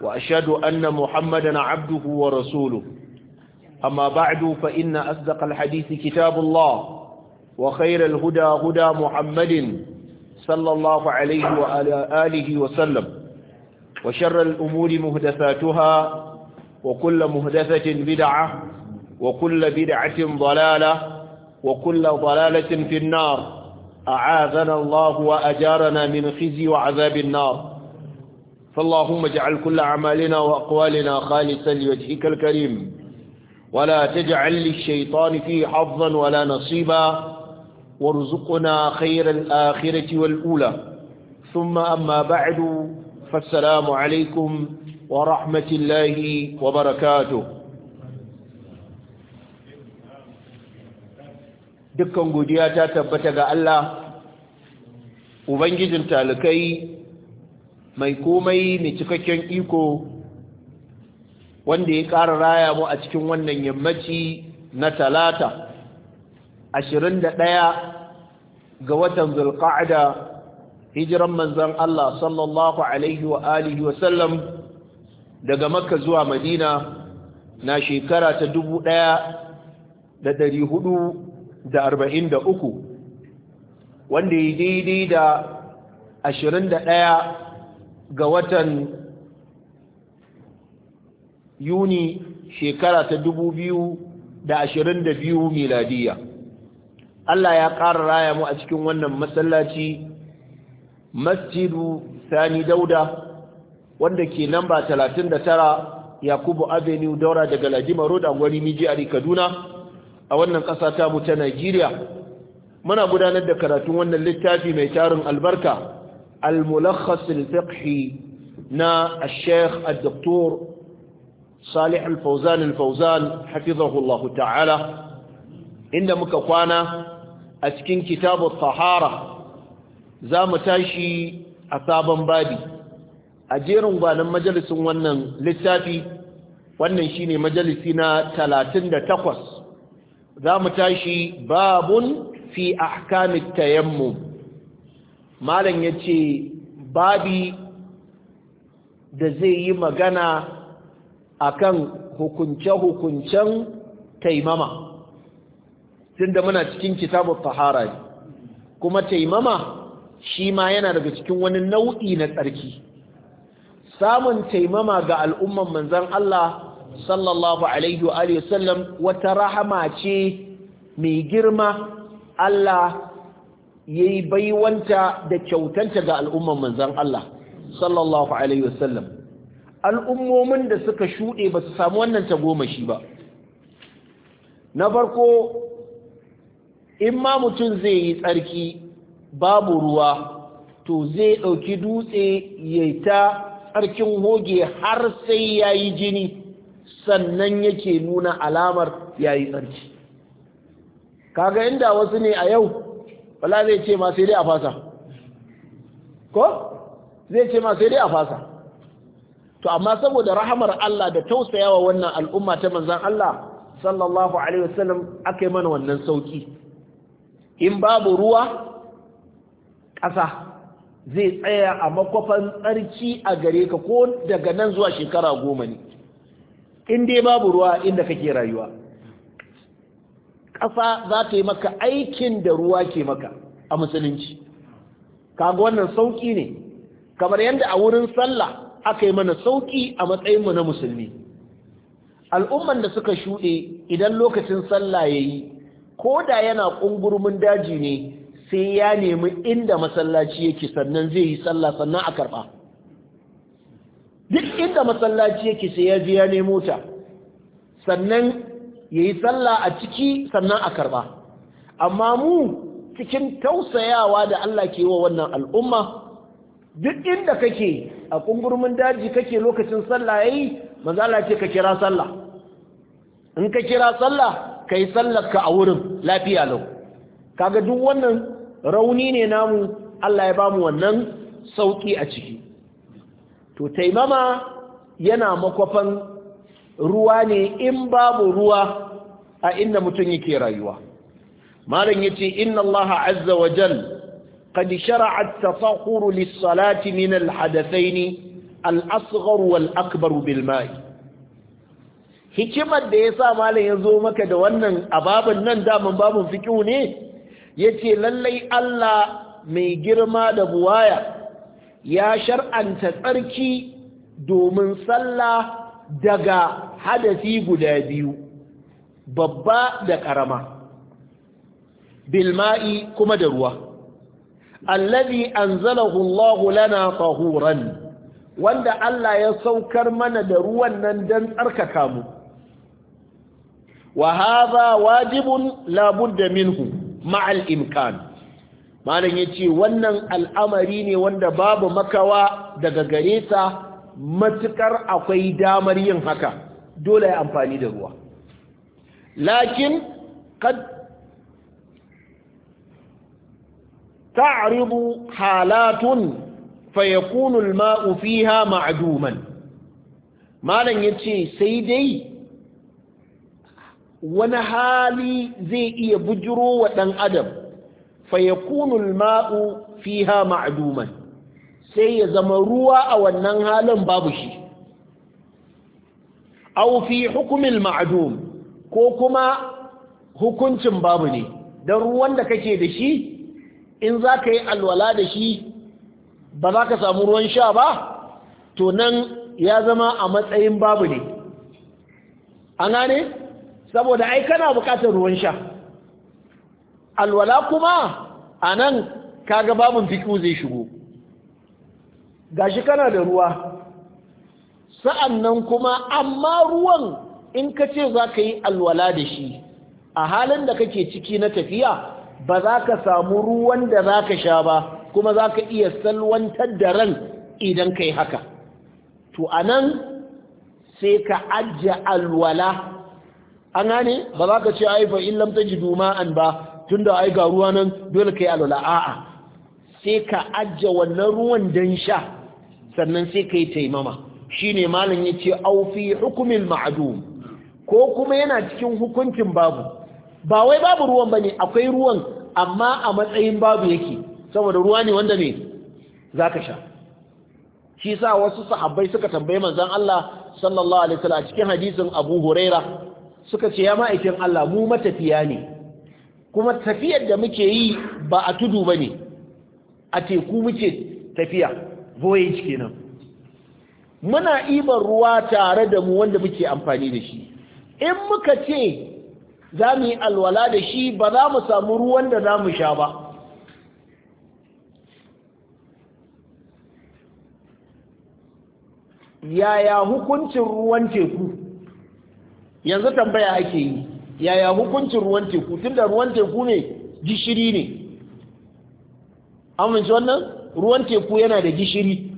وأشهد أن محمدا عبده ورسوله أما بعد فإن أصدق الحديث كتاب الله وخير الهدى هدى محمد صلى الله عليه وعلى آله وسلم وشر الأمور مهدثاتها وكل مهدثة بدعة وكل بدعة ضلالة وكل ضلالة في النار أعاذنا الله وأجارنا من خزي وعذاب النار فاللهم اجعل كل أعمالنا وأقوالنا خالصا لوجهك الكريم ولا تجعل للشيطان فيه حظا ولا نصيبا وارزقنا خير الآخرة والأولى ثم أما بعد فالسلام عليكم ورحمة الله وبركاته dukkan godiya ta tabbata ga Allah ubangijin talikai mai komai mai cikakken iko wanda ya ƙara raya mu a cikin wannan yammaci na talata ashirin da ɗaya ga watan zulƙa'ada hijiran manzan Allah sallallahu alaihi wa alihi wa sallam daga makka zuwa madina na shekara ta dubu ɗaya da ɗari hudu da arba'in da uku wanda ya daidai da ashirin da ɗaya ga watan yuni shekara ta dubu biyu da ashirin da biyu miladiya Allah ya ƙara raya mu a cikin wannan masallaci masjidu sani dauda wanda ke talatin namba tara yakubu avenue daura daga ladima road a wani miji a kaduna a wannan ƙasa ta mu ta Najeriya, muna gudanar da karatun wannan littafi mai tarin albarka al-mulakhas al na al-sheikh al-doktor salih al-fawzan al-fawzan hafizahullahu ta'ala inda muka kwana a cikin kitabar tahara za mu tashi a sabon babi a jerin gwanon majalisin wannan littafi wannan shine majalisi na talatin da takwas. za mu tashi babun fi ahkamit tayammum malam ya ce babi da zai yi magana a kan hukunce-hukuncen taimama tunda muna cikin kitabun tahara kuma taimama shi ma yana daga cikin wani nau'i na tsarki samun taimama ga al'umman manzan Allah sallallahu alaihi wa sallam wata rahama ce mai girma Allah ya baiwanta da kyautanta ga al'umman manzan Allah sallallahu Alaihi wasallam al'ummomin da suka shuɗe ba su samu wannan tagomashi ba na farko in ma mutum zai yi tsarki babu ruwa to zai ɗauki dutse ya ta tsarkin hoge har sai ya yi jini sannan yake nuna alamar ya yi tsarki kaga inda wasu ne a yau wala zai ce ma sai dai a fasa ko zai ce ma sai dai a fasa to amma saboda rahamar Allah da tausayawa wannan al'umma ta manzon Allah sallallahu alaihi wasallam akai mana wannan sauki in babu ruwa ƙasa zai tsaya a makofan tsarki a gare ka ko daga nan zuwa shekara goma ne in dai babu ruwa inda kake rayuwa ƙasa za ta yi maka aikin da ruwa ke maka a musulunci kaga wannan sauƙi ne kamar yadda a wurin sallah aka yi mana sauƙi a matsayinmu na musulmi al'umman da suka shuɗe idan lokacin sallah ya yi ko da yana ƙungurmin daji ne sai ya nemi inda masallaci yake sannan zai yi sallah sannan a karɓa duk inda masallaci yake sai ya je ya nemo sannan ya yi sallah a ciki sannan a karba amma mu cikin tausayawa da Allah ke wa wannan al'umma duk inda kake a ƙungurmin daji kake lokacin sallah yayi yi mazala ce ka kira sallah in ka kira sallah ka yi ka a wurin lafiya lau kaga duk wannan rauni ne namu Allah ya bamu wannan sauƙi a ciki to taimama yana makwafan ruwa ne in babu ruwa a inda mutum yake rayuwa malam yace inna Allah azza wa jal qad shara'a at-tatahhur lis-salati min al-hadathayn al-asghar wal-akbar bil-ma'i hikimar da yasa malam yazo maka da wannan ababan nan daman babu fiqhu ne yace lallai Allah mai girma da buwaya ya shar'anta tsarki domin sallah daga hadasi guda biyu babba da ƙarama bilma'i kuma da ruwa allazi anzalahu Allah lana tahuran wanda Allah ya saukar mana da ruwan nan dan tsarkaka mu wa hadha wajibun la budda minhu ma'a al-imkan malan yace wannan al'amari ne wanda babu makawa daga gare ta matukar akwai damar yin haka dole ya amfani da ruwa lakin kad ta'ribu halatun fayakunu al-ma'u fiha ma'duman malan yace sai dai wani hali zai iya bujiro wa dan adam fayakunu al-ma'u fiha ma'duman sai ya zama ruwa a wannan halin babu shi aw fi hukumil ma'dum ko kuma hukuncin babu ne dan ruwan da kake da shi in za ka yi alwala da shi ba za ka samu ruwan sha ba to nan ya zama a matsayin babu ne an gane saboda ai kana bukatar ruwan sha alwala kuma anan kaga babun fikiyu zai shigo gashi kana da ruwa sa'an nan kuma amma ruwan in ka ce za ka yi alwala da shi a halin da kake ciki na tafiya ba za ka samu ruwan da za ka sha ba kuma za ka iya salwantar da ran idan ka yi haka to a nan sai ka ajiye alwala an gane ba za ka ce haifar in lamta ji duma'an ba tun da ai ga ruwa nan dole ka yi alwala a'a sai ka ajiye wannan ruwan don sha sannan sai ka yi taimama shine malam yace au fi hukumin ma'dum ko kuma yana cikin hukuncin babu ba wai babu ruwan bane akwai ruwan amma a matsayin babu yake saboda ruwa ne wanda ne zaka sha shi sa wasu sahabbai suka tambayi manzon Allah sallallahu alaihi wasallam cikin hadisin Abu Huraira suka ce ya ma'aikin Allah mu matafiya ne kuma tafiyar da muke yi ba a tudu bane a teku muke tafiya voyage kenan muna iban ruwa tare da mu wanda muke amfani da shi in muka ce za mu yi alwala da shi ba za mu samu ruwan da za mu sha ba yaya hukuncin ruwan teku yanzu tambaya ake yi yaya hukuncin ruwan teku tunda ruwan teku ne gishiri ne amince wannan ruwan teku yana da gishiri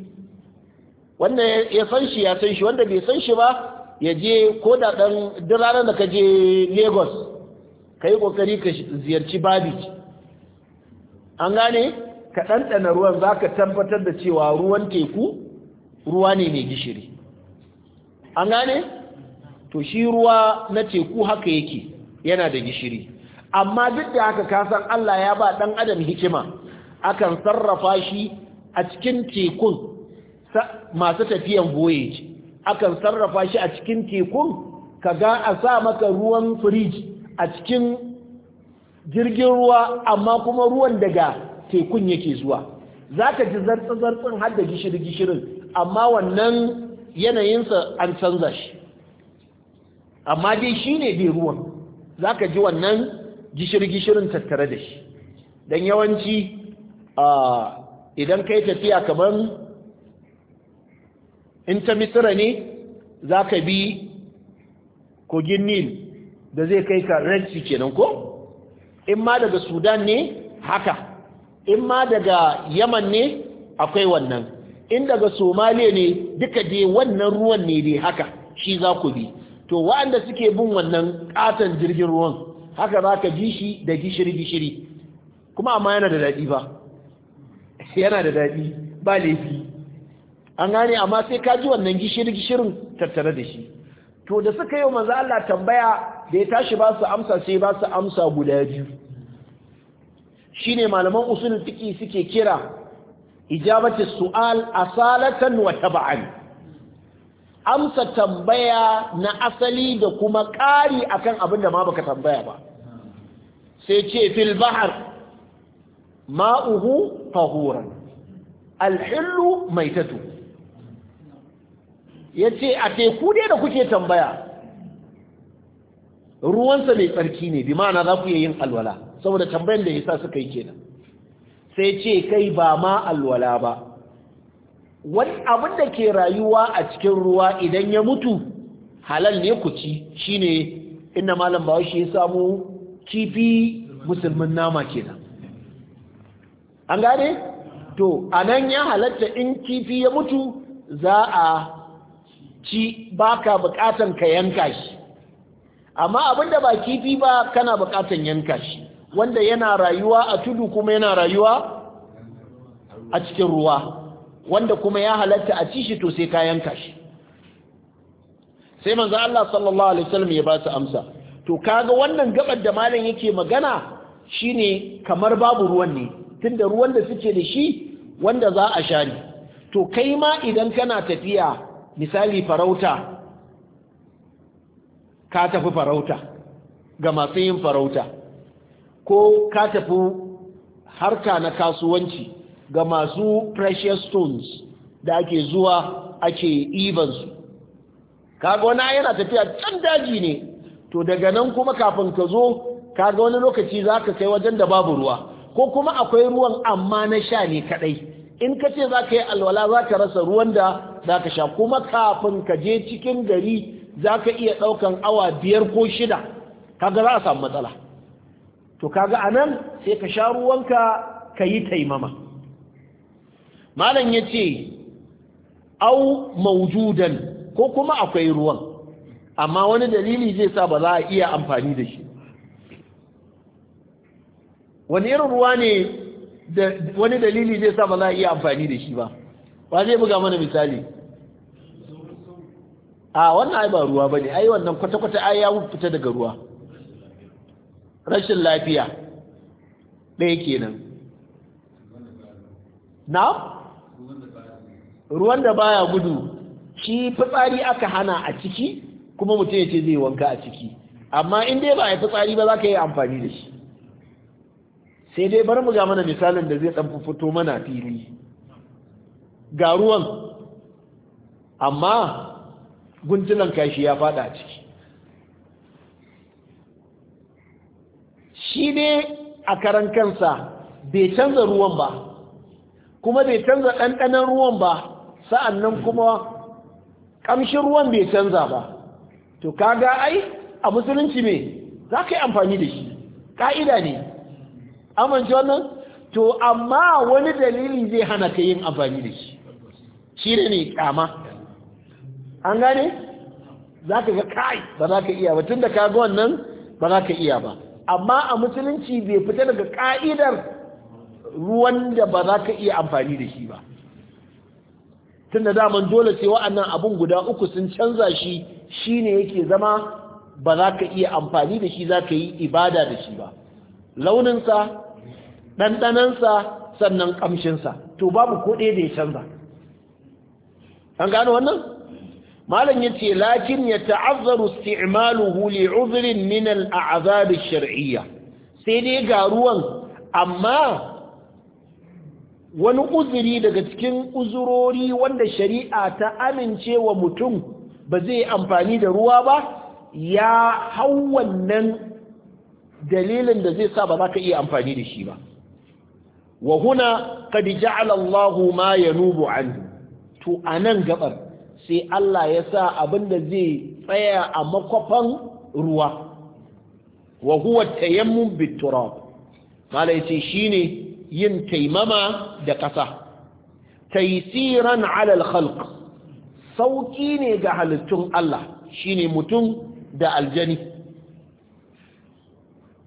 wanda ya san shi ya san shi wanda bai san shi ba ya je ko da dan ranar da ka je lagos ka yi kokari ka ziyarci babij an gane ka ɗanɗana ruwan za ka tabbatar da cewa ruwan teku ruwa ne mai gishiri an gane to shi ruwa na teku haka yake yana da gishiri amma duk da haka kasan allah ya ba ɗan adam hikima akan sarrafa shi a cikin tekun masu tafiyan voyage akan sarrafa shi a cikin tekun kaga a sa maka ruwan firij a cikin jirgin ruwa amma kuma ruwan daga tekun yake zuwa za ka ji zartsin har da gishiri-gishirin amma wannan yanayinsa an canza shi amma dai shi ne dai ruwan za ka ji wannan gishiri-gishirin tattare da shi don yawanci ah, idan yi tafiya kamar in ta misira ne za ka bi kogin nil da zai kai ka red sea kenan ko in ma daga sudan ne haka in ma daga yaman ne akwai wannan in daga somaliya ne duka dai wannan ruwan ne dai haka shi za ku bi to waɗanda suke bin wannan katon jirgin ruwan haka za ka ji shi da gishiri-gishiri kuma amma yana da daɗi ba yana da daɗi ba laifi an gane amma sai ka ji wannan gishiri gishirin tattare da shi to da suka yi manzo Allah tambaya da ya tashi ba su amsa sai ba su amsa guda biyu shine malaman usulul fiqi suke kira ijabati su'al asalatan wa tab'an amsa tambaya na asali da kuma ƙari akan abin da ma baka tambaya ba sai ce fil bahr ma'uhu tahuran alhillu maitatu ya ce a teku ne da kuke tambaya ruwansa mai tsarki ne bi ma'ana za ku yin alwala saboda tambayan da yasa suka yi kenan sai ce kai ba ma alwala ba wani abin da ke rayuwa a cikin ruwa idan ya mutu halal ne ku ci shi ne inda malam ba shi ya samu kifi musulmin nama kenan an gane to anan ya halatta in kifi ya mutu za a ci baka bukatan ka yanka shi amma abinda ba kifi ba kana bukatan yanka shi wanda yana rayuwa a tudu kuma yana rayuwa a cikin ruwa wanda kuma ya halatta a ci shi to sai ka yanka shi sai manzo Allah sallallahu alaihi wasallam ya ba su amsa to kaga wannan gabar da malam yake magana shine kamar babu ruwan ne tunda ruwan da suke da shi wanda za a sha ne to kai ma idan kana tafiya misali farauta ka tafi farauta ga masu yin farauta ko ka tafi harka na kasuwanci ga masu precious stones da ake zuwa ake ibansu kaga wani yana tafiya can daji ne to daga nan kuma kafin ka zo kaga wani lokaci za ka kai wajen da babu ruwa ko kuma akwai ruwan amma na sha ne kadai in ka ce za ka yi alwala za ka rasa ruwan da za ka sha kuma kafin ka je cikin gari za ka iya ɗaukan awa biyar ko shida kaga za a samu matsala to kaga a nan sai ka sha ruwanka ka yi taimama malam ya ce au maujudan ko kuma akwai ruwan amma wani dalili zai sa ba za a iya amfani da shi wani irin ruwa ne wani dalili zai sa ba za a iya amfani da shi ba ba zai buga mana misali a wannan ai ba ruwa bane ai wannan kwata-kwata ai ya fita daga ruwa rashin lafiya ɗaya kenan na ruwan da baya gudu shi fitsari aka hana a ciki kuma mutum ya ce zai wanka a ciki amma in dai ba a yi fitsari ba za ka yi amfani da shi sai dai bar mu ga mana misalin da zai ɗan fito mana fili ga ruwan amma guntunan kashi ya fada a ciki shi ne a karan kansa bai canza ruwan ba kuma bai canza ɗanɗanen ruwan ba sa'annan kuma ƙamshin ruwan bai canza ba to kaga ai a musulunci mai za ka yi amfani da shi ƙa'ida ne amince wannan to amma wani dalili zai hana ka yin amfani da shi shi ne ne kama an gane za ka ga kai ba za ka iya ba tun da ka ga wannan ba za ka iya ba amma a musulunci bai fita daga ka'idar ruwan da ba za ka iya amfani da shi ba tun da daman dole sai wa'annan abun guda uku sun canza shi shi ne yake zama ba za ka iya amfani da shi za ka yi ibada da shi ba launinsa ɗanɗanansa sannan ƙamshinsa to babu ko ɗaya da ya canza an gano wannan malam yace lakin ya yata'azzaru isti'maluhu li'udhrin min al'azab ash-shar'iyya sai dai ga ruwan amma wani uzuri daga cikin uzurori wanda shari'a ta amince wa mutum ba zai amfani da ruwa ba ya hau wannan dalilin da zai sa ba za ka iya amfani da shi ba wa huna qad ma yanubu anhu to a nan gabar sai Allah ya sa abin da zai tsaya a makwafan ruwa wa huwa tayammum biturab mala yace shine yin taimama da ƙasa taysiran ala al-khalq sauki ne ga halittun Allah shine mutum da aljani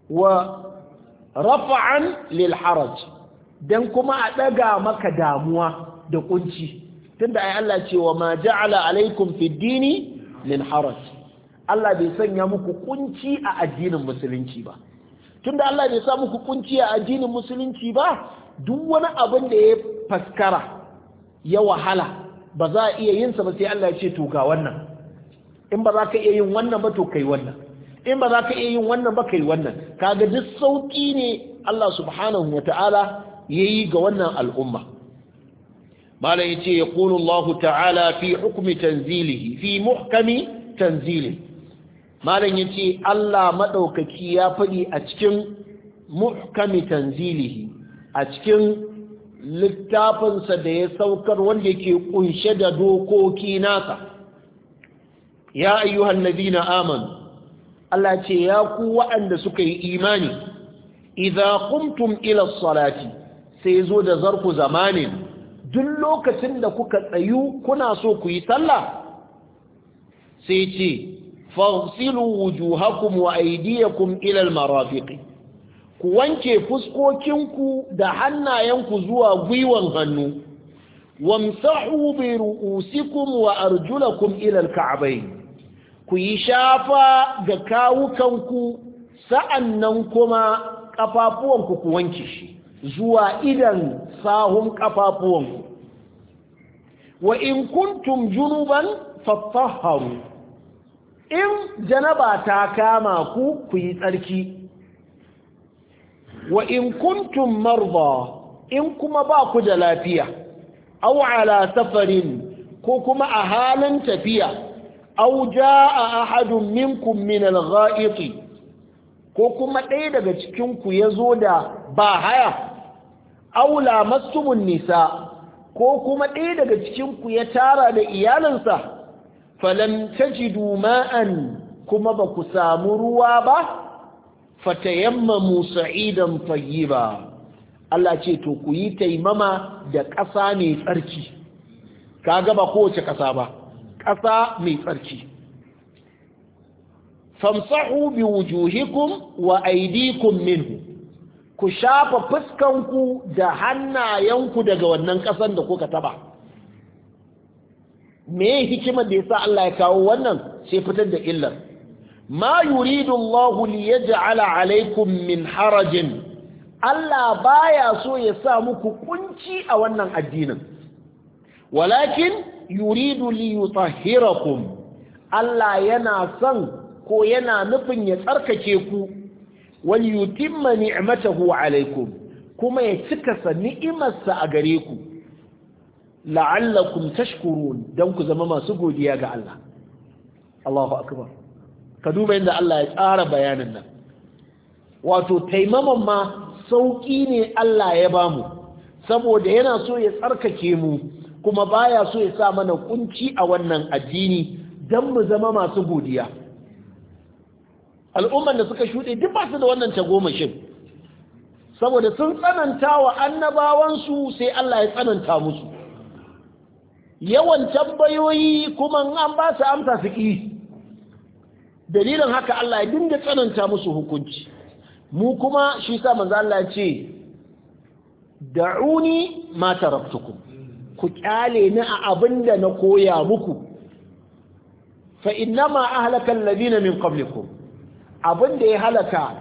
wa rafa'an lil haraj dan kuma a daga maka damuwa da kunci tunda ai Allah ce wa ma ja'ala alaikum fid dini min haraj Allah bai sanya muku kunci a addinin musulunci ba tunda Allah bai sa muku kunci a addinin musulunci ba duk wani abin da ya faskara ya wahala ba za a iya yinsa ba sai Allah ya ce to ga wannan in ba za ka iya yin wannan ba to kai wannan in ba za ka iya yin wannan ba kai wannan kaga duk sauki ne Allah subhanahu wataala yayi ga wannan al'umma malam yace yaqulu Allah ta'ala fi hukmi tanzilihi fi muhkami tanzilihi malam yace Allah madaukaki ya faɗi a cikin muhkami tanzilihi a cikin littafinsa da ya saukar wanda yake kunshe da dokoki nasa ya ayyuhan na amanu Allah ce ya ku waɗanda suka yi imani idza qumtum ila salati sai zo da zarku zamanin duk lokacin da kuka tsayu kuna so ku yi sallah sai ce fasilu wujuhakum wa aydiyakum ila almarafiq ku wanke fuskokinku da hannayenku zuwa gwiwan hannu wamsahu bi ru'usikum wa arjulakum ila alka'bayn ku yi shafa ga kawukanku sa'annan kuma kafafuwanku ku wanke shi zuwa idan sahun kafafuwanku wa in kuntum junuban fattaharu in janaba ta kama ku ku yi tsarki wa in kuntum marda in kuma ba ku da lafiya aw ala safarin ko kuma a halin tafiya aw jaa ahadun minkum min al ko kuma ɗaya daga cikin ku yazo da ba haya aula mastumun nisa ko kuma ɗaya daga cikinku ya tara da iyalinsa falam tajidu ma'an kuma ba ku samu ruwa ba fatayammamu sa'idan ba. Allah ce to ku yi taimama da ƙasa mai tsarki kaga ba kowace ƙasa ba ƙasa mai tsarki famsahu bi wujuhikum wa aydikum minhu ku shafa fuskanku da hannayenku daga wannan ƙasan da kuka taba me hikimar da ya sa Allah ya kawo wannan sai fitar da illar ma yuridu Allah li yaj'ala alaikum min harajin Allah baya so ya sa muku kunci a wannan addinin walakin yuridu li yutahhirakum Allah yana son ko yana nufin ya tsarkake ku wal yutimma ni'matahu alaikum kuma ya cika sa ni'imarsa a gare ku la'allakum tashkurun dan ku zama masu godiya ga Allah Allahu akbar ka duba inda Allah ya tsara bayanin nan wato taimaman ma sauki ne Allah ya bamu saboda yana so ya tsarkake mu kuma baya so ya sa mana kunci a wannan addini dan mu zama masu godiya Al'ummar da suka shuɗe duk ba su da wannan tagomashin saboda sun tsananta wa annabawansu sai Allah ya tsananta musu yawan tambayoyi kuma an ba su amsa su ƙi dalilin haka Allah ya dinga tsananta musu hukunci mu kuma shi sa manzo Allah ya ce da'uni ma taraktukum ku kyale ni a abin da na koya muku fa innama ahlakal ladina min qablikum abin da ya halaka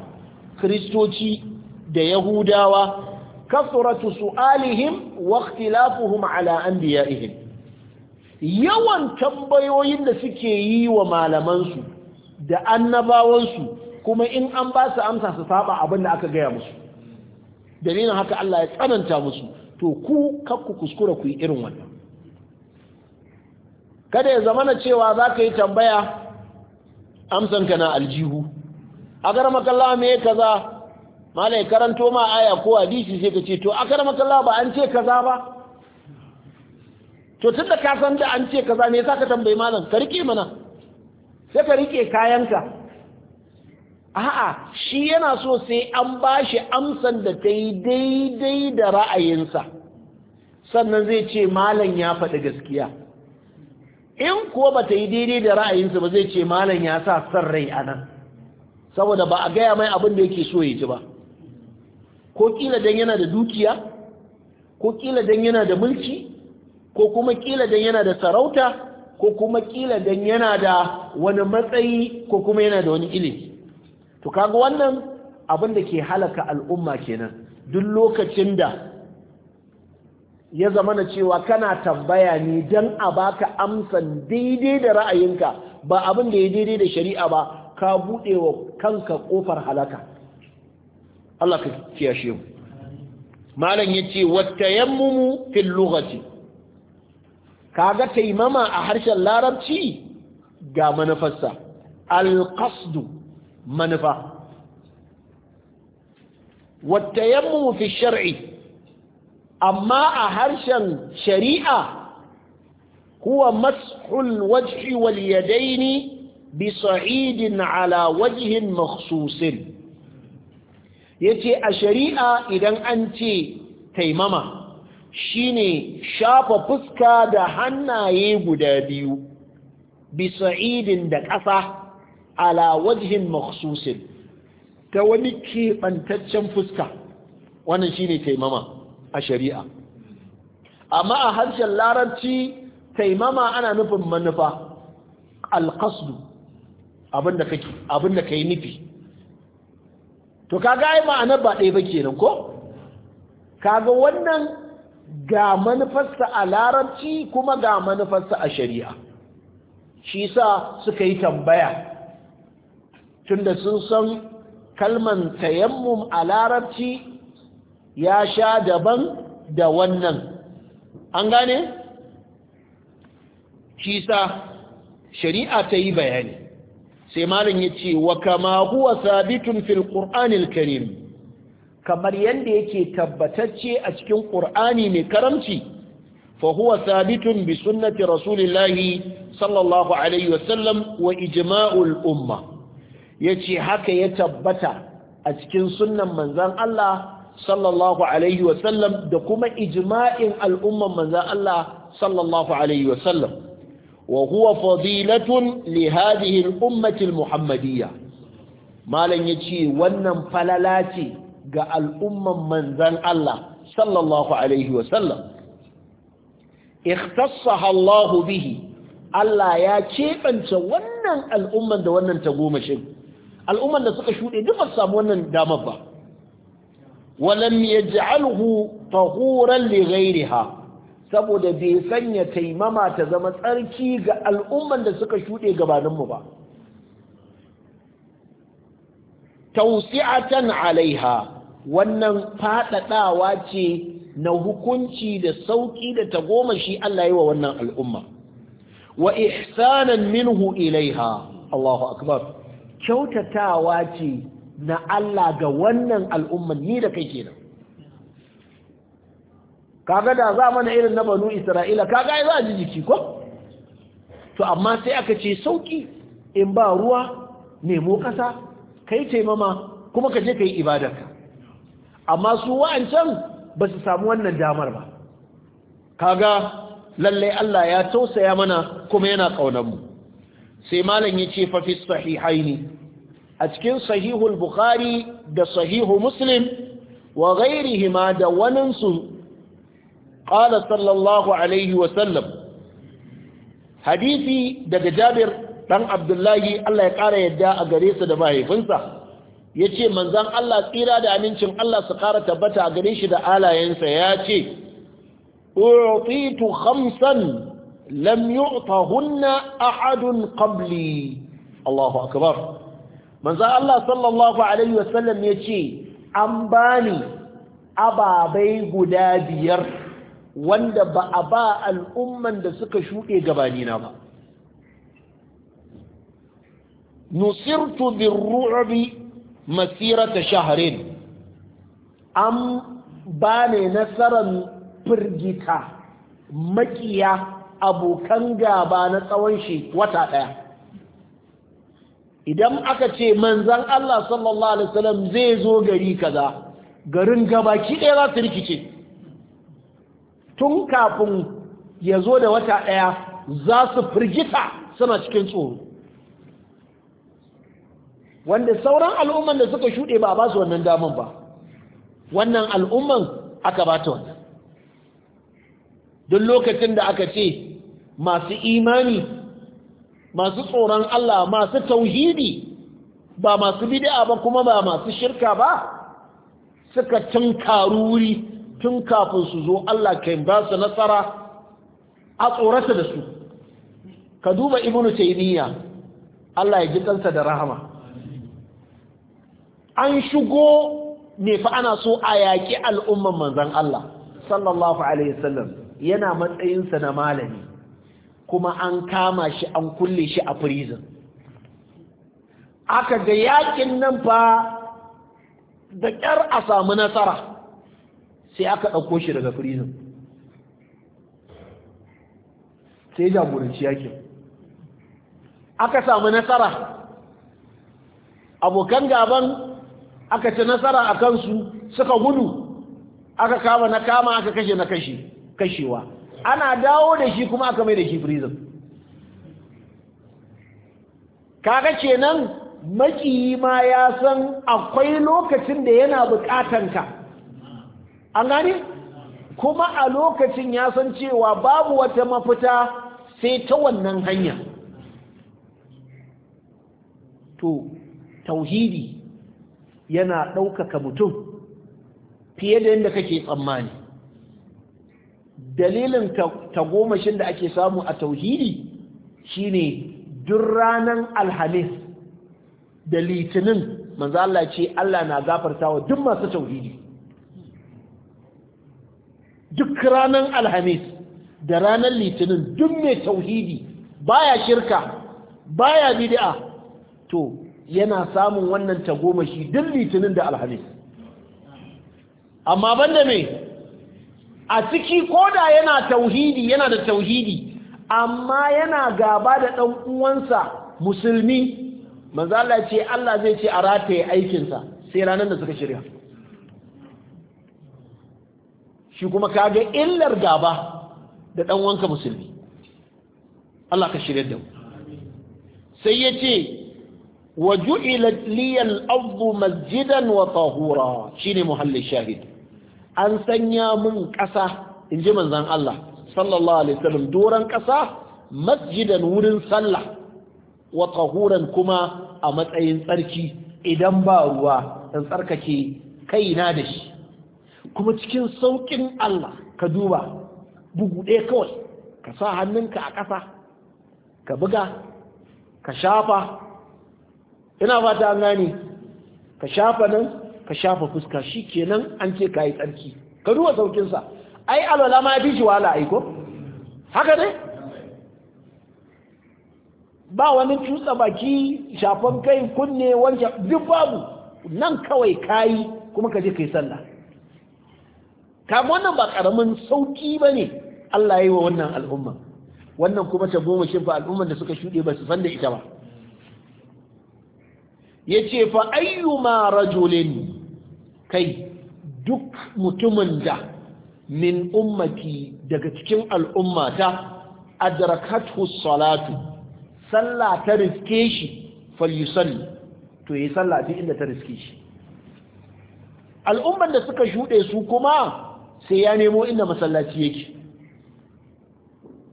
kristoci da yahudawa kasuratu su'alihim wa ikhtilafuhum ala anbiya'ihim yawan tambayoyin da suke yi wa malamansu da annabawansu kuma in an ba su amsa su saba abin da aka gaya musu dalilin haka Allah ya tsananta musu to ku kakku kuskura ku yi irin wannan kada ya zamana cewa za ka yi tambaya amsanka na aljihu akar makalla me kaza malai karanto ma aya ko hadisi sai ka ce to akar makalla ba an ce kaza ba to tunda ka san da an ce kaza me sa ka tambayi malam ka rike mana sai ka rike kayanka a'a shi yana so sai an ba shi amsan da ta yi daidai da ra'ayinsa sannan zai ce malam ya faɗi gaskiya in kuwa ba ta yi daidai da ra'ayinsa ba zai ce malam ya sa son rai a nan saboda ba a gaya mai abin da yake so ya ji ba ko kila dan yana da dukiya ko kila dan yana da mulki ko kuma kila dan yana da sarauta ko kuma kila dan yana da wani matsayi ko kuma yana da wani ilimi to kaga wannan abin da ke halaka al'umma kenan duk lokacin da ya zama na cewa kana tambaya ne don a baka amsan daidai da ra'ayinka ba abin da ya daidai da shari'a ba ka buɗe wa kanka ƙofar halaka Allah ka kiyashe mu malam yace wattayammumu fil Ka kaga taimama a harshen larabci ga manufarsa alqasdu manufa wattayammumu fi shar'i amma a harshen shari'a Kuwa mashul wajhi wal yadaini بصعيد على وجه Ya yace a shari'a idan an ce taimama shine shafa fuska da hannaye guda biyu bisa'idin da ƙasa ala wajihin makhsusin ta wani keɓantaccen fuska wannan shine taimama a shari'a amma a harshen larabci taimama ana nufin manufa alƙasdu abinda kake abinda nufi to kaga ai ma'ana ba ɗaya ba kenan ko Ka ga wannan ga manufarsa a larabci kuma ga manufarsa a shari'a shi sa suka yi tambaya tunda sun san kalman tayammum a larabci ya sha daban da wannan an gane? shi sa shari'a ta yi bayani sai malin ya ce wa kama huwa sabitun fil qur'anil karim kamar yadda yake tabbatacce a cikin qur'ani mai karamci fa huwa sabitun bi sunnati rasulillahi sallallahu alaihi wasallam wa ijma'ul umma ya ce haka ya tabbata a cikin sunnan manzan Allah sallallahu alaihi wasallam da kuma ijma'in al'umman manzan Allah sallallahu alaihi wasallam وهو فضيلة لهذه الأمة المحمدية ما لن يتشي ونن فللاتي قال الأمة من ذن الله صلى الله عليه وسلم اختصها الله به Allah ya keɓance wannan al'umman da wannan tagomashin al'umman da suka shuɗe duk ba samu wannan damar ba walam yaj'alhu tahuran li ghayriha saboda bai sanya taimama ta zama tsarki ga al'umman da suka shuɗe gabaninmu ba tausi'atan alaiha wannan faɗaɗawa ce na hukunci da sauƙi da tagomashi Allah yi wa wannan al'umma wa ihsanan minhu ilaiha Allahu akbar kyautatawa ce na Allah ga wannan al'umman ni da kai kenan kaga da za mana irin na banu isra'ila kaga ai za ji jiki ko to amma sai aka ce sauki in ba ruwa nemo kasa kai taimama kuma ka je ka yi ibadarka amma su wa'ancan ba su samu wannan damar ba kaga lallai Allah ya tausaya mana kuma yana ƙaunar mu sai malam ce fa fi sahihaini a cikin sahihul bukhari da sahihu muslim wa ghairihima da waninsu qala sallallahu alaihi wa sallam hadisi daga Jabir dan Abdullahi Allah ya kara yadda a gare sa da mahaifinsa yace manzon Allah tsira da amincin Allah su kara tabbata a gare shi da alayensa yace u'titu khamsan lam yu'tahunna ahadun qabli Allahu akbar manzo Allah sallallahu alaihi wasallam yace an bani ababai guda biyar wanda ba a ba al'umman da suka shuɗe gabanina ba nusirtu bin ru'abi masirata shaharin an ba ne nasarar firgita makiya abokan gaba na tsawon shi wata ɗaya idan aka ce manzan Allah sallallahu Alaihi wasallam zai zo gari kaza garin gaba ki ɗaya za su rikice tun kafin ya zo da wata ɗaya za su firgita suna cikin tsoro wanda sauran al'umman da suka shuɗe ba ba su wannan daman ba wannan al'umman aka ba ta wannan duk lokacin da aka ce masu imani masu tsoron Allah masu tauhidi ba masu bid'a ba kuma ba masu shirka ba suka tunkaruri tun kafin su zo Allah kai ba su nasara a tsorata da su ka duba ibnu taymiya Allah ya ji kansa da rahama an shigo ne fa ana so a yaƙi al'umman manzan Allah sallallahu alaihi wasallam yana matsayinsa na malami kuma an kama shi an kulle shi a prison aka ga yakin nan fa da kyar a samu nasara sai aka ɗauko shi daga prison sai jagoranci yake aka samu nasara abokan gaban aka ci nasara a kansu suka gudu aka kama na kama aka kashe na kashe kashewa ana dawo da shi kuma aka mai da shi prison kaga kenan makiyi ma ya san akwai lokacin da yana bukatan ka an gane kuma a lokacin ya san cewa babu wata mafita sai ta wannan hanya to tauhidi yana ɗaukaka mutum fiye da yadda kake tsammani dalilin tagomashin da ake samu a tauhidi shine duk ranar alhamis da litinin manzo Allah ce Allah na gafarta wa duk masu tauhidi duk ranar alhamis da ranar litinin duk mai tauhidi baya shirka baya bid'a to yana samun wannan tagomashi duk litinin da alhamis amma banda me a ciki koda yana tauhidi yana da tauhidi amma yana gaba da ɗan uwansa musulmi manzala ce Allah zai ce a rataye aikinsa sai ranar da suka shirya shi kuma ga illar gaba da ɗanwanka wanka musulmi Allah ka shirya da mu sai yace wa ju'ilat liyal ardu masjidan wa tahura shine muhallin shahid an sanya mun ƙasa in ji manzan Allah sallallahu alaihi wasallam duran ƙasa masjidan wurin sallah wa tahuran kuma a matsayin tsarki idan ba ruwa dan tsarkake kaina da shi kuma cikin saukin Allah ka duba bugu ɗaya kawai ka sa hannunka a ƙasa ka buga ka shafa ina fata ta gane ka shafa nan ka shafa fuska shi kenan an ce ka yi tsarki ka duba saukinsa. ai alwala ma ya fi shi wahala aiko haka ne? ba wani tutsa baki shafan kai kunne wancan duk babu nan kawai kayi kuma ka je ka yi sallah kaga wannan ba karamin sauki ba ne, Allah ya yi wa wannan al'umma wannan kuma ta goma shi fa al'umman da suka shuɗe ba su san da ita ba Ya ce fa ayyuma rajulin kai duk mutumin da min ummati daga cikin al'ummata adrakathu salatu sallah ta riske shi falyusalli to yi sallah duk inda ta riske shi al'umman da suka shuɗe su kuma sai ya nemo inda masallaci yake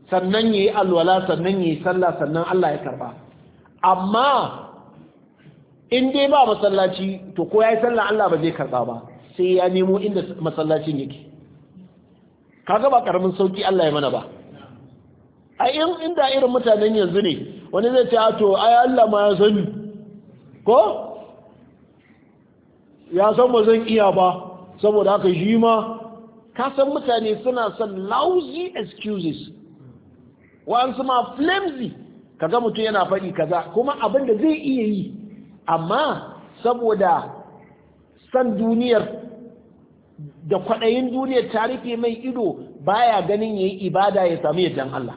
sannan ya yi alwala sannan ya yi sallah sannan Allah ya karba amma in dai ba masallaci to ko ya yi sallah Allah ba zai karba ba sai ya nemo inda masallacin yake kaga ba karamin sauki Allah ya mana ba a in inda irin mutanen yanzu ne wani zai ce to ai Allah ma ya sani ko ya san ba zan iya ba saboda haka shi ma Kasan mutane suna son lousy excuses wa'ansu ma flimsy kaga mutum yana faɗi kaza kuma abin da zai iya yi amma saboda san duniyar da kwaɗayin duniyar ta rufe mai ido baya ganin yayi ibada ya sami yadda Allah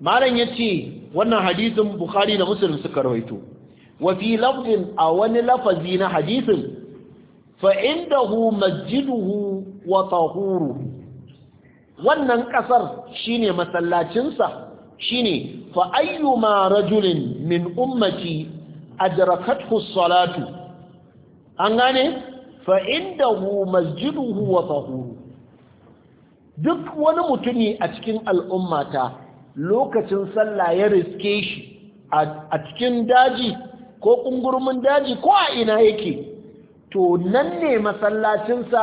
malam yace wannan hadisin bukhari da muslim suka rawaito wa fi lafzin a wani lafazi na hadisin fa'indahu masjiduhu wa tahuru. wannan ƙasar shine masallacinsa shine fa ayyuma rajulin min ummati adrakathu as-salatu an gane fa indahu masjiduhu wa tahuru. duk wani mutumi a cikin al'ummata lokacin sallah ya riske shi a cikin daji ko ƙungurmin daji ko a ina yake to nan ne masallacinsa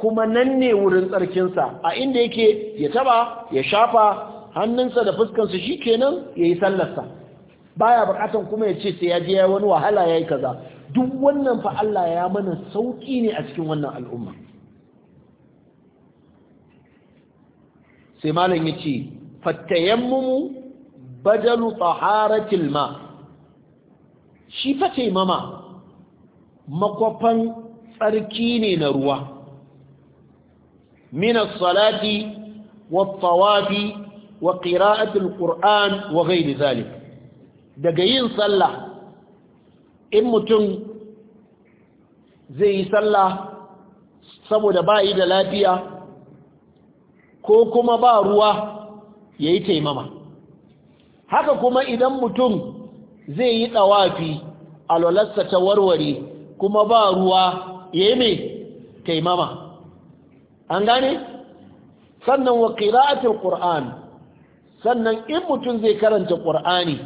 kuma nan ne wurin tsarkinsa a inda yake ya taba ya shafa hannunsa da fuskansa shi kenan ya yi sallarsa baya bukatan kuma ya ce sai ya je wani wahala ya yi kaza duk wannan fa Allah ya mana sauki ne a cikin wannan al'umma sai malam ya ce fattayammumu bajalu taharatil ma shi fa mama makwafan tsarki ne na ruwa min salati wat-tawafi wa qira'ati al-qur'an wa ghairi zalik daga yin sallah in mutum zai yi sallah saboda ba yi da lafiya ko kuma ba ruwa ya yi taimama haka kuma idan mutum zai yi ɗawafi alwalarsa ta warware kuma ba ruwa ya yi mai taimama an gane sannan wa cikin qur'an sannan in mutum zai karanta qur'ani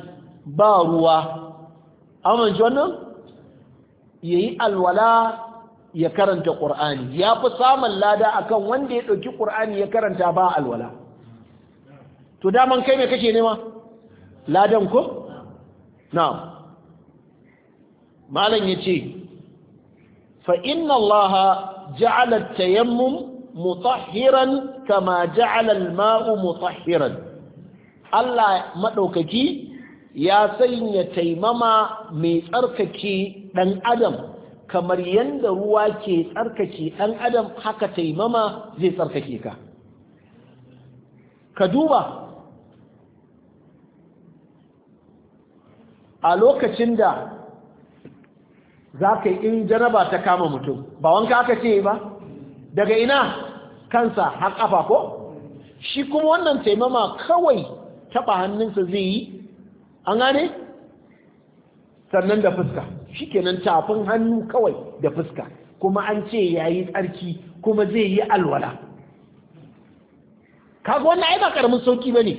ba ruwa amince wannan Ya yi alwala ya karanta qur'ani ya fi samun lada akan wanda ya ɗauki qur'ani ya karanta ba alwala to daman kai mai kashe nema ladan ko na'am malam ya ce. فإن الله جعل التيمم مطهرا كما جعل الماء Allah الله مدوككي ya sanya taimama mai tsarkake ɗan adam kamar yadda ruwa ke tsarkake ɗan adam haka taimama zai tsarkake ka ka duba a lokacin da za ka yi in janaba ta kama mutum ba wanka aka ce ba daga ina kansa har ƙafa ko shi kuma wannan taimama kawai taɓa hannunsa zai yi an gane sannan da fuska shi kenan tafin hannu kawai da fuska kuma an ce ya yi tsarki kuma zai yi alwala kaga wannan ai ba karamin sauki ba ne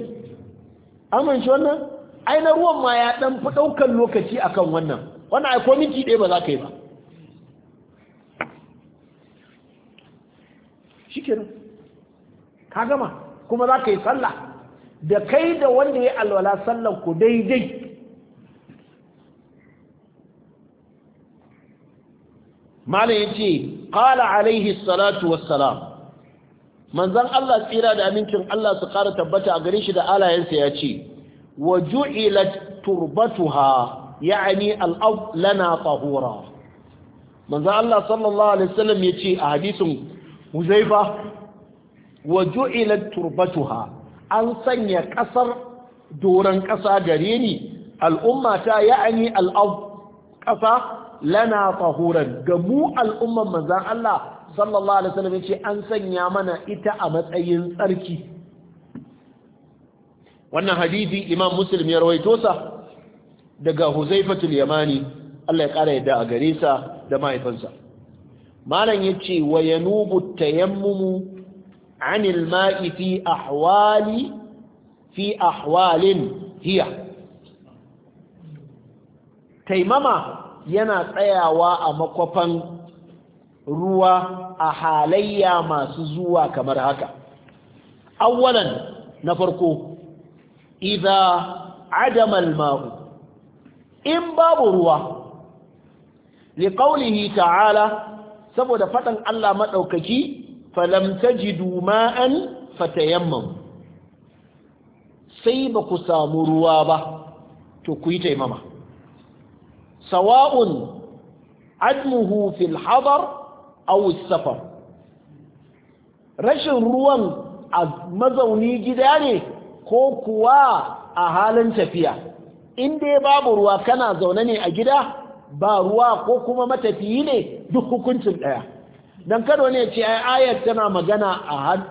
amince wannan ai na ruwan ma ya ɗan fi ɗaukan lokaci akan wannan wannan ai ko minti ɗaya ba za ka yi ba shikenan ka gama kuma za ka yi sallah da kai da wanda ya alwala sallah ku daidai malam ya ce ƙala alaihi salatu wassalam manzan Allah tsira da amincin Allah su ƙara tabbata a gare shi da alayensa ya ce wa ju'ilat turbatuha ya'ani al lana tahura manzo Allah sallallahu alaihi wasallam yace a hadisin Huzaifa wa ju'ilat turbatuha an sanya ƙasar doron ƙasa gare ni al'umma ya'ani al-ard lana tahuran ga mu al'umman manzon Allah sallallahu alaihi wasallam yace an sanya mana ita a matsayin tsarki wannan hadisi imam muslim ya rawaito sa daga huzaifatul yamani Allah ya ƙara yadda a gare sa da mahaifansa. malam yace wa yanubu tayammumu anil ma'i fi ahwali fi ahwalin hiya taimama yana tsayawa a makwafan ruwa a halayya masu zuwa kamar haka awwalan na farko idza adama al-ma'u in babu ruwa liƙaunihi ta'ala saboda faɗan Allah maɗaukaki falamtajidu ma'an fatayammam sai ba ku samu ruwa ba to ku yi taimama sawa'un admuhu fil hadar aw safar rashin ruwan a mazauni gida ne ko kuwa a halin tafiya in dai babu ruwa kana zaune ne a gida ba ruwa ko kuma matafiyi ne duk hukuncin ɗaya don kado ne ce ai ayar tana magana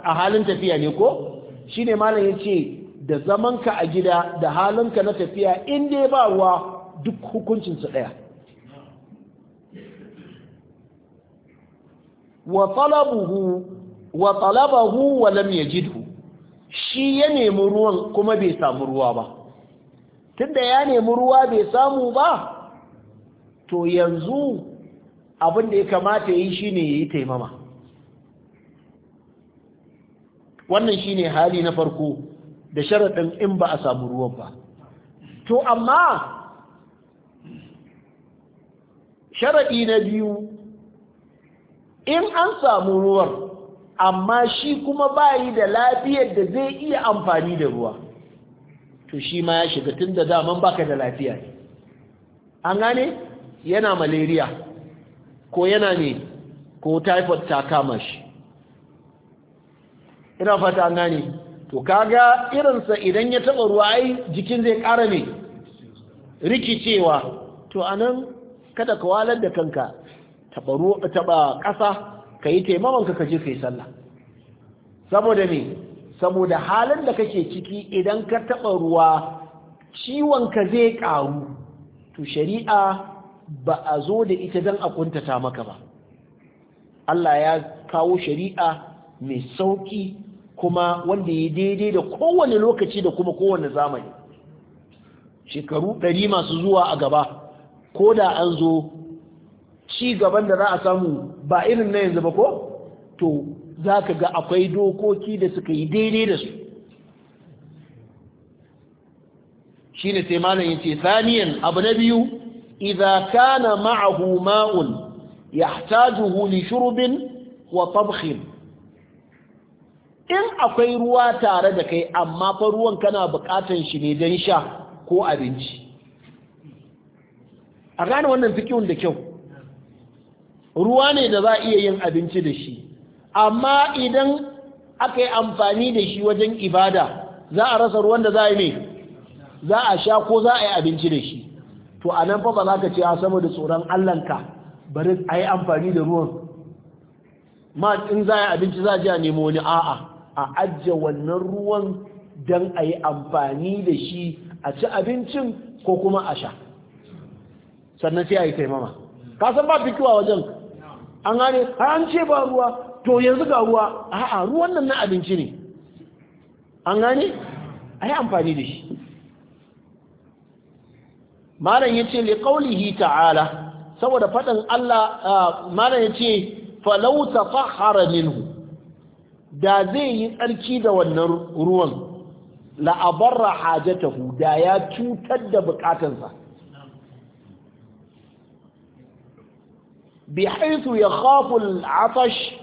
a halin tafiya ne ko shi ne malam ya ce da zamanka a gida da halinka na tafiya in dai ba ruwa duk su ɗaya wa talabuhu wa talabahu wa lam yajidhu shi ya nemi ruwan kuma bai samu ruwa ba tunda ya nemi ruwa bai samu ba to yanzu abin da ya kamata yi shine ya yi taimama wannan shine hali na farko da sharaɗin in ba a samu ruwan ba to amma sharaɗi na biyu in an samu ruwan amma shi kuma bayi da lafiyar da zai iya amfani da ruwa to shi ma ya shiga tun da daman baka da lafiya ne an gane yana malaria ko yana ne ko typhoid ta kama shi ina fata an gane to kaga irinsa idan ya taba ruwa ai jikin zai kara ne rikicewa to anan kada ka walar da kanka taba ƙasa ka yi taimamanka ka je ka sallah saboda ne saboda halin da kake ciki idan ka taɓa ruwa ciwonka zai ƙaru to shari'a ba a zo da ita don a kuntata maka ba Allah ya kawo shari'a mai sauƙi kuma wanda ya daidai da kowane lokaci da kuma kowane zamani shekaru ɗari masu zuwa a gaba ko da an zo ci gaban da za a samu ba irin na yanzu ba ko to za ka ga akwai dokoki da suka yi daidai da su shi ne sai malam ya ce saniyan abu na biyu idza kana ma'ahu ma'un yahtajuhu li shurbin wa tabkhin in akwai ruwa tare da kai amma fa ruwan kana bukatan shi ne don sha ko abinci a gane wannan fikiyun da kyau ruwa ne da za a iya yin abinci da shi amma idan aka yi amfani da shi wajen ibada za a rasa ruwan da za a yi mai za a sha ko za a yi abinci da shi to a nan fa ba za ka ce a da tsoron allanka bari a yi amfani da ruwan ma in za a yi abinci za a ji a nemo wani a'a a ajiye wannan ruwan don a yi amfani da shi a ci abincin ko kuma a sha sannan sai a yi taimama ka san ba fikiwa wajen an gane har an ce ba ruwa to yanzu ga ruwa a'a ruwan nan na abinci ne an gane a yi amfani da shi malam ya ce li qaulihi ta'ala saboda faɗin Allah malam ya ce falau minhu da zai yi tsarki da wannan ruwan la'abarra hajatahu da ya cutar da bukatansa bi haithu ya khafu al'atash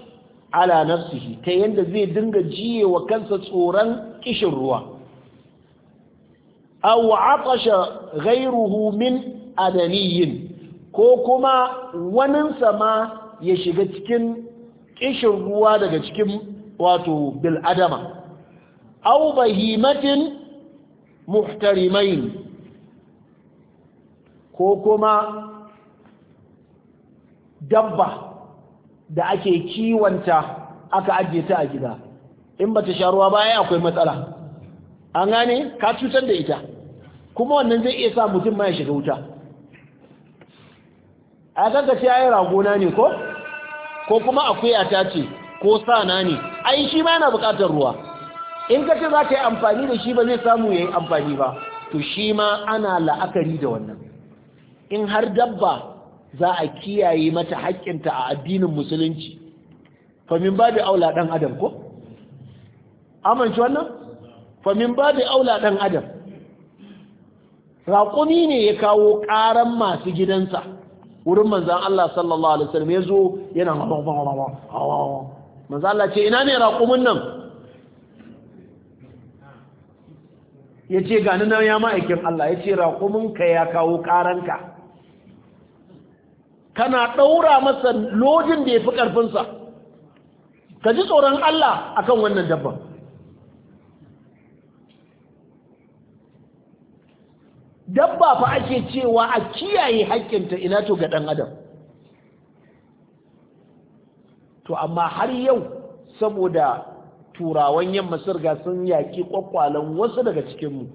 ala nafsihi ta yanda zai dinga jiye wa kansa tsoron kishin ruwa aw atasha ghayruhu min adaniyin ko kuma waninsa ma ya shiga cikin kishin ruwa daga cikin wato bil adama aw bahimatin muhtarimain ko kuma dabba da ake kiwanta aka ajiye ta a gida in ba ta sharuwa baya akwai matsala an gane ka cutar da ita kuma wannan zai iya sa mutum ma ya shiga wuta a kanka ce ayi ragona ne ko ko kuma akwai ta ce ko sa na ne ai shi ma yana bukatar ruwa in ka ce za ka yi amfani da shi ba zai samu ya yi amfani ba to shi ma ana la'akari da wannan in har dabba za a kiyaye mata haƙƙinta a addinin musulunci famin da aula ɗan adam ko? amince wannan? famin da aula ɗan adam raƙumi ne ya kawo ƙaran masu gidansa wurin manzan Allah sallallahu Alaihi wasallam ya zo yana manzan Allah ce ina ne raƙumin nan ya ce ganin nan ya ma'aikin Allah ya ce ka ya kawo ƙaranka kana ɗaura masa lojin da ya fi ƙarfinsa ka ji tsoron Allah a kan wannan dabban dabba fa ake cewa a kiyaye haƙƙinta ina to ga ɗan adam to amma har yau saboda turawan yamma sirga sun yaƙi ƙwaƙwalan wasu daga cikinmu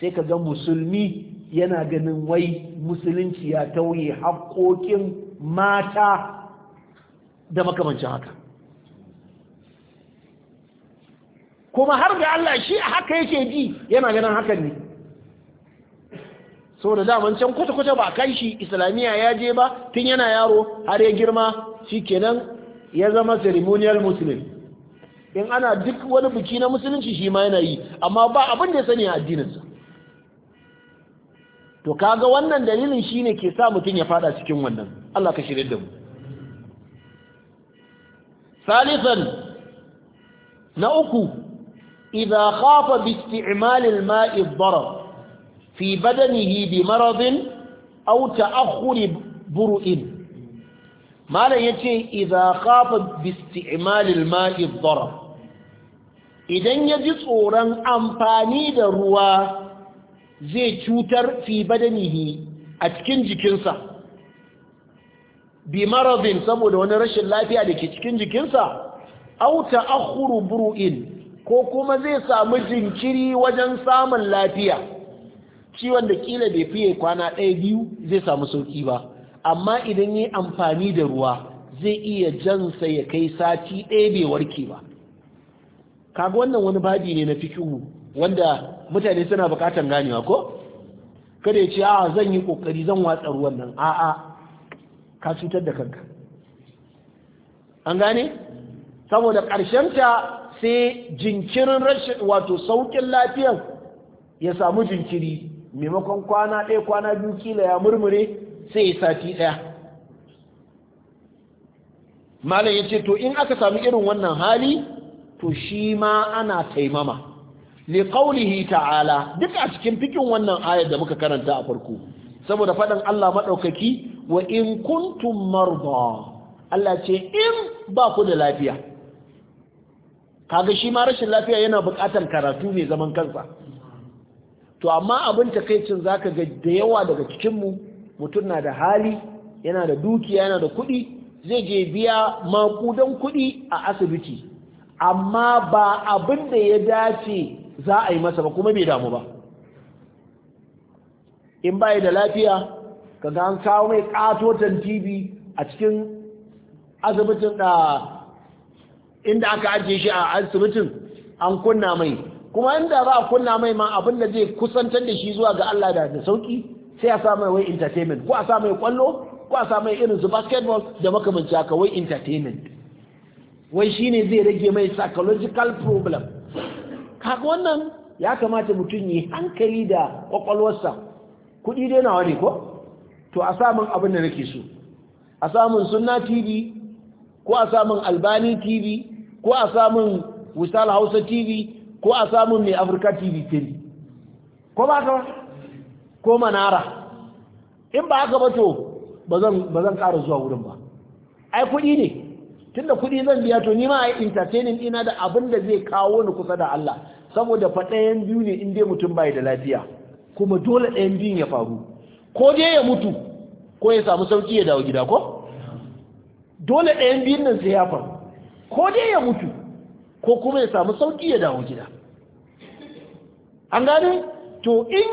sai ka ga musulmi yana ganin wai musulunci ya tauye haƙoƙin mata da makamancin haka kuma har da Allah shi a haka yake ji yana ganin haka ne da daman can kwata-kwata ba kai shi islamiyya ya je ba tun yana yaro har ya girma shi kenan ya zama ceremonial muslim in ana duk wani biki na musulunci shi ma yana yi amma ba abin da ya sani a addininsa to kaga wannan dalilin shine ke sa mutum ya fada cikin wannan Allah ka shirye da mu salisan na uku idza khafa bi isti'mal al-ma'i ad-darar fi badanihi bi maradin aw bur'in malan yace idza khafa bi isti'mal al-ma'i ad-darar idan ya ji tsoron amfani da ruwa zai cutar fi badanihi a cikin jikinsa bi marazin saboda wani rashin lafiya da ke cikin jikinsa Auta akuru buru'in ko kuma zai samu jinkiri wajen samun lafiya ciwon da kila bai fiye kwana ɗaya biyu zai samu sauƙi ba amma idan yi amfani da ruwa zai iya jansa ya kai sati ɗaya bai warke ba kaga wannan wani babi ne na fikihu wanda mutane suna bukatan ganewa ko kada ya ce a zan yi kokari zan watsa ruwan nan a a ka cutar da kanka an gane saboda ta sai jinkirin rashin wato saukin lafiyan ya samu jinkiri maimakon kwana ɗaya kwana biyu kila ya murmure sai ya sati ɗaya malam ya ce to in aka samu irin wannan hali to shi ma ana taimama qawlihi ta'ala duk a cikin fikin wannan ayar da muka karanta a farko saboda faɗin Allah maɗaukaki wa in kuntum marda Allah ce in ba ku da lafiya kaga shi ma rashin lafiya yana buƙatar karatu mai zaman kansa to amma abin takaicin zaka ga da yawa daga cikin mu mutum na da hali yana da dukiya yana da kuɗi zai je biya makudan kuɗi a asibiti amma ba abin da ya dace za a yi masa ba kuma bai damu ba in bai da lafiya ka ga an kawo mai katotan tv a cikin asibitin da inda aka ajiye shi a asibitin an kunna mai kuma inda za a kunna mai ma abin da zai kusantar da shi zuwa ga Allah da da sauki sai a sa wai entertainment ko a sa mai kwallo ko a sa mai irin su basketball da makamanci haka wai entertainment wai shine zai rage mai psychological problem haka wannan ya kamata mutum yi hankali da kwakwalwarsa kuɗi dai nawa ne ko to a samun abin da nake so a samun sunna tv ko a samun albani tv ko a samun wisal hausa tv ko a samun mai afirka tv tv ko ba ka ko manara in ba haka ba to ba zan ƙara zuwa wurin ba ai kuɗi ne tunda kuɗi zan biya to ni ma a entertaining ina da abin da zai kawo ni kusa da Allah saboda fa ɗayan biyu ne in dai mutum bai da lafiya kuma dole ɗayan biyun ya faru ko dai ya mutu ko ya samu sauki ya dawo gida ko dole ɗayan biyun nan sai ya faru ko dai ya mutu ko kuma ya samu sauki ya dawo gida an gane to in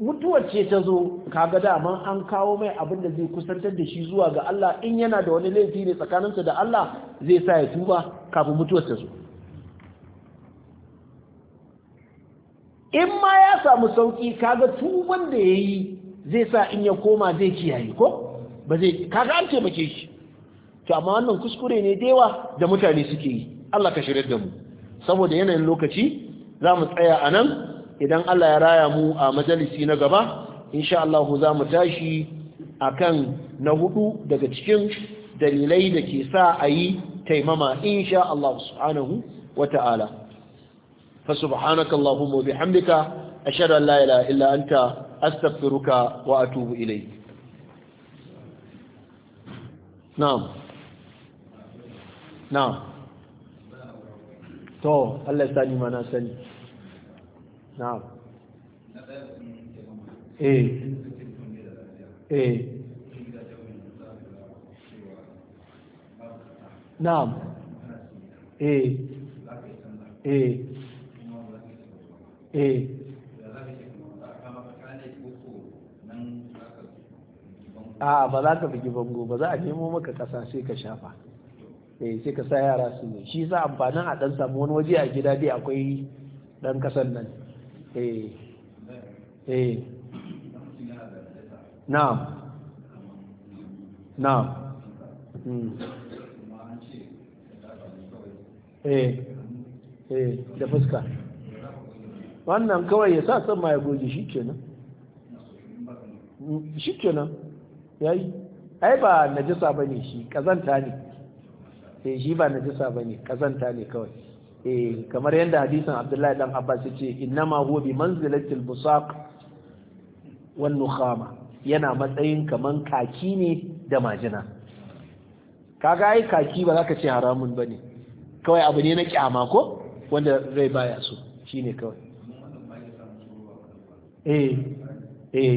mutuwar ce ta zo kaga daman an kawo mai abin da zai kusantar da shi zuwa ga Allah in yana da wani laifi ne tsakaninsa da Allah zai sa ya tuba kafin mutuwar ta zo in ma ya samu sauki kaga tuban da ya yi zai sa in ya koma zai kiyaye ko ba zai kaga an taimake shi to amma wannan kuskure ne da yawa da mutane suke yi Allah ka shirar da mu saboda yanayin lokaci za mu tsaya a nan idan Allah ya raya mu a majalisi na gaba insha Allah za mu tashi akan na hudu daga cikin dalilai da ke sa a yi taimama insha Allah subhanahu wa ta'ala fa subhanaka allahumma bihamdika ashhadu an la ilaha illa anta astaghfiruka wa atubu ilayk na'am na'am to Allah ya sani ma na sani na'am eh eh na'am eh eh eh a ba za ka fi bango ba za a nemo maka ƙasa sai ka shafa eh sai ka sa yara su ne shi sa amfanin a ɗan samu wani waje a gida dai akwai ɗan ƙasan nan Eh. Eh. Eh. Hmm. da fuska wannan kawai ya sa sama ya goge shi nan hmm. shi nan ya yi ai ba jisa ba ne shi kazanta ne sai shi ba na jisa ba ne kazanta ne kawai eh kamar yadda hadisin Abdullahi dan Abbas inna ma huwa bi manzilatil busaq wan nukhama yana matsayin kaman kaki ne da majina kaga ai kaki ba za ka ce haramun bane kawai abu ne na kyama ko wanda zai baya so shine kawai eh, eh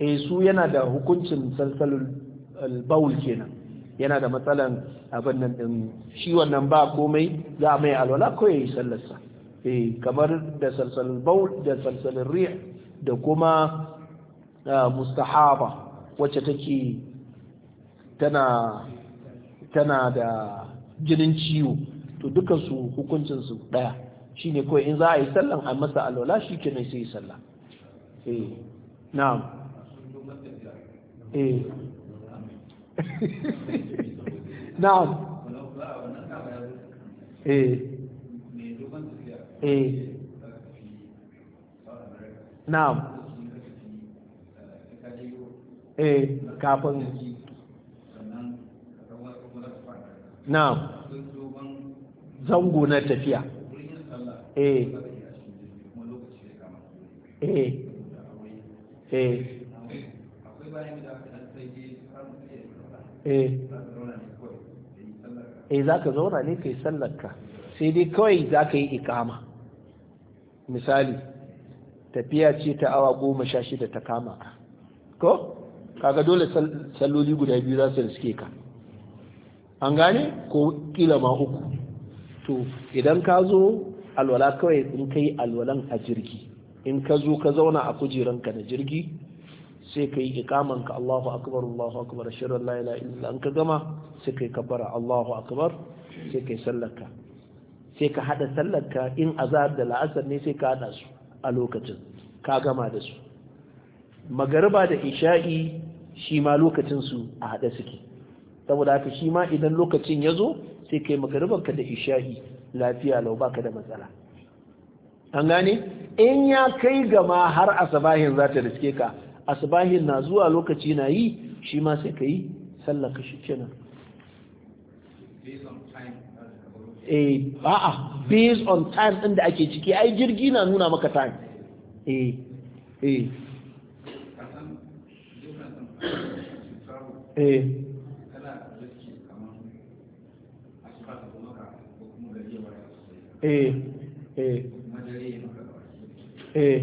eh su yana da hukuncin salsalul baul kenan yana da matsalan abin nan din shi wannan ba komai za a mai alwala ko yayi sallarsa eh kamar da salsalul bawl da salsalul rih da kuma mustahaba wacce take tana tana da jinin ciwo to dukan su hukuncin su daya shine kawai in za a yi sallan a masa alwala shi kenan sai yi sallah eh na'am eh na'am eh eh na'am eh kafin na'am zango na tafiya eh eh eh Eh. eh za ka zauna ne ka yi sallarka sai dai kawai za ka yi ikama misali tafiya ce ta awa goma sha shida ta kama ka ko kaga dole salloli guda biyu za su riske ka an gane ko kila ma uku to idan ka zo alwala kawai in ka yi alwalan a jirgi in ka zo ka zauna a kujeranka na jirgi sai ka yi ikamanka Allahu akbar Allahu akbar shirin la illa an ka gama sai ka yi kabara Allahu akbar sai ka yi sallarka sai ka hada sallarka in azar da la'asar ne sai ka hada su a lokacin ka gama da su magariba da isha'i shi ma lokacin su a hada suke saboda haka shi ma idan lokacin ya zo sai ka yi magaribanka da isha'i lafiya lau baka da matsala an gane in ya kai gama har asabahin za ta riske ka asbahin na zuwa lokaci na yi shi ma sai ka yi sallar ka shi kenan eh a'a based on time din da ake ciki ai jirgi na nuna maka time eh eh eh eh eh eh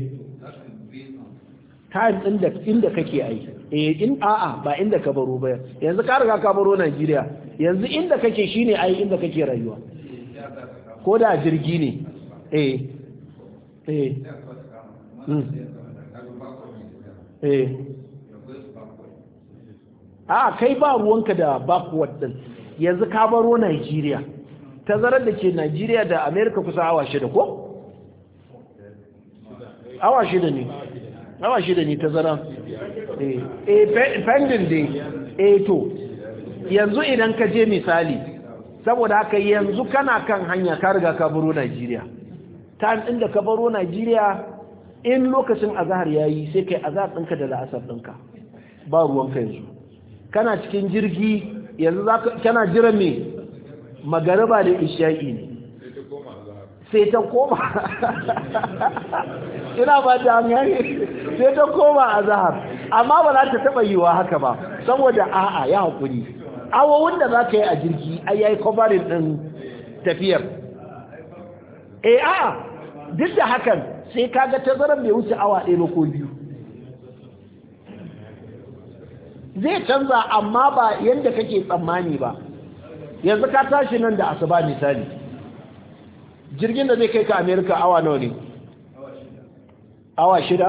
time ɗin da inda kake aiki eh in a'a ba inda ka baro ba yanzu ka riga ka baro Najeriya yanzu inda kake shine ai inda kake rayuwa ko da jirgi ne eh eh hmm. eh a kai ba ruwanka da backward din yanzu ka baro Najeriya tazarar da ke Najeriya da America kusa awa shida ko awa shida ne nawa shida ne tazara a eh, eh, pending day a eh to yanzu idan ka je misali saboda haka yanzu kana kan hanya ka riga ka baro Najeriya ta inda ka baro Najeriya in lokacin ya yayi sai kai azahar ɗinka da la'asar ɗinka ba ruwanka yanzu kana cikin jirgi yanzu kana jira me magariba da isha'i ne sai ta koma ina ba ta hanyari sai ta koma a zahar amma ba za ta taɓa yiwa haka ba saboda a'a ya haƙuri awowin da za ka yi a jirgi ai ya yi kwabarin ɗin tafiyar Eh a'a duk da hakan sai ka ga tazarar mai wuce awa ɗaya ba ko biyu zai canza amma ba yadda kake tsammani ba yanzu ka tashi nan da asuba misali jirgin da zai kai ka amerika awa nawa ne awa shida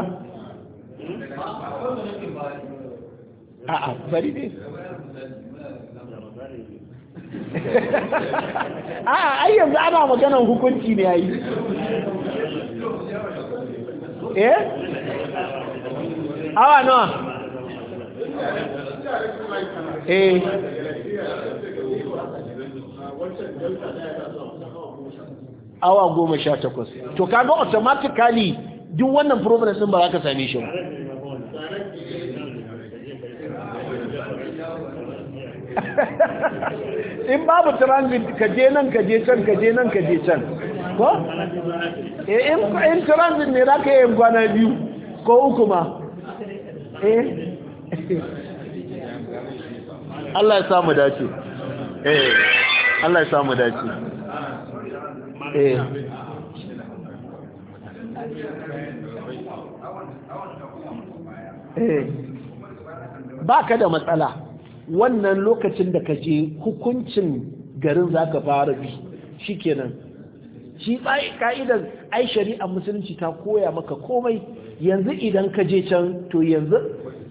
a'a bari ne a ai yanzu ana maganan hukunci ne yayi eh awa nawa eh awa goma sha takwas to kaga automatically duk wannan progress din ba za ka same shi ba in babu transit ka je nan ka je can ka je nan ka je can ko eh, in transit ne za ka yi gwana biyu ko uku ma eh Allah ya samu dace eh Allah ya samu dace Eh. Eh. ba ka da matsala wannan lokacin da ka je hukuncin garin za ka fara bi shi kenan shi tsaye ka'idar ai shari'a musulunci ta koya maka komai yanzu idan ka je can to yanzu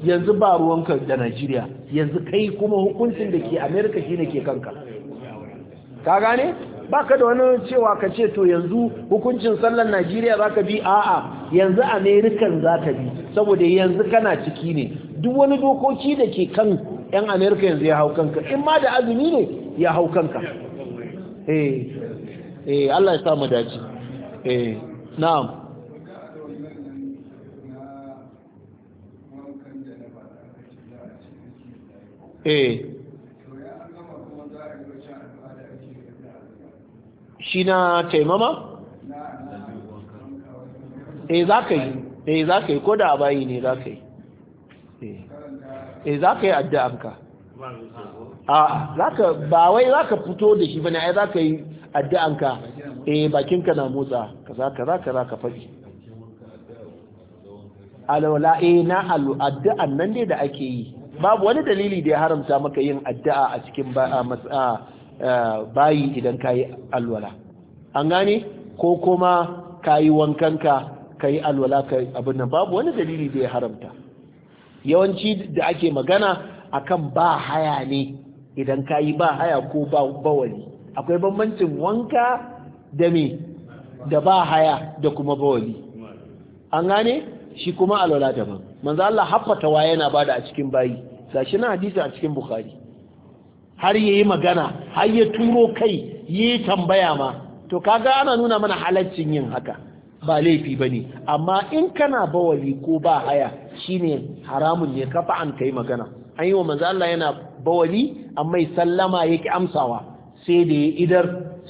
yanzu ba ruwanka da najeriya yanzu kai kuma hukuncin da ke amerika shine ke kanka ka gane baka da wani cewa ka ce to yanzu hukuncin sallar Najeriya zaka bi a'a yanzu za zaka bi saboda yanzu kana ciki ne duk wani dokoki da ke kan yan America yanzu ya hau kanka in ma da azumi ne ya hau kanka eh eh Allah ya sa mu dace eh na'am eh shi na taimama? eh za ka yi eh za ka yi ko da bayi ne za ka yi eh, eh za ka yi addu'anka a za ka ba wai za ka fito da shi bane ai za ka yi addu'anka eh bakinka na motsa kaza kaza kaza ka faɗi alwala eh na addu'an nan dai da ake yi babu wani dalili da ya haramta maka yin addu'a a cikin ba a bayi idan kayi alwala an gane ko kuma kayi wankanka yi alwala ka abin nan babu wani dalili da ya haramta yawanci da ake magana akan ba haya ne idan kayi ba haya ko ba bawali akwai bambancin wanka da me da ba haya da kuma bawali an gane shi kuma alwala daban manzo Allah haffata wa yana bada a cikin bayi gashi na hadisi a cikin bukhari har ya yi magana har ya turo kai ya yi tambaya ma to kaga ana nuna mana halaccin yin haka ba laifi ba ne amma in kana bawali ko ba haya shine haramun ne kafa an kai magana an yi wa manzo Allah yana bawali amma sallama yake amsawa sai da ya idar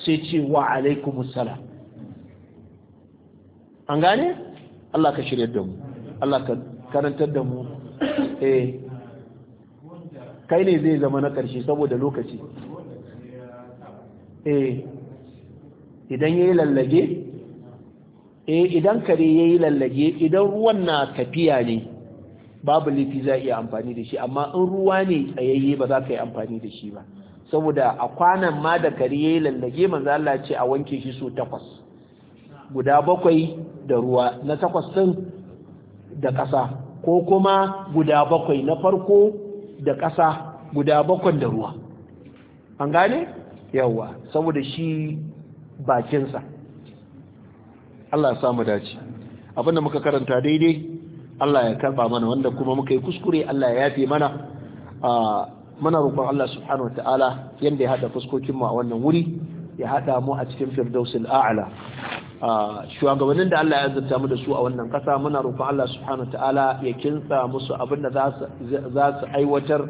sai ce wa alaikum salam an gane Allah ka shirya da mu Allah ka karantar da mu eh. kai ne zai zama na ƙarshe saboda lokaci eh idan ya yi lallage eh idan kare ya yi lallage idan ruwan na tafiya ne babu lifi za iya amfani da shi amma in ruwa ne tsayayye ba za ka yi amfani da shi ba saboda a kwanan ma da kare ya yi lallage manzo ce a wanke shi so takwas guda bakwai da ruwa na takwas din da ƙasa ko kuma guda bakwai na farko da ƙasa guda bakon da ruwa an gane yawa saboda shi bakinsa Allah ya samu dace abinda muka karanta daidai Allah ya karba mana wanda kuma muka yi kuskure Allah ya yafe mana a ah, muna rukun Allah subhanahu ta'ala yadda ya haɗa fuskokin a wannan wuri ya hada mu a cikin firdausul a'la shugabannin da Allah ya azurta mu da su a wannan kasa muna roƙon Allah subhanahu ta'ala ya kinsa musu abin da za su aiwatar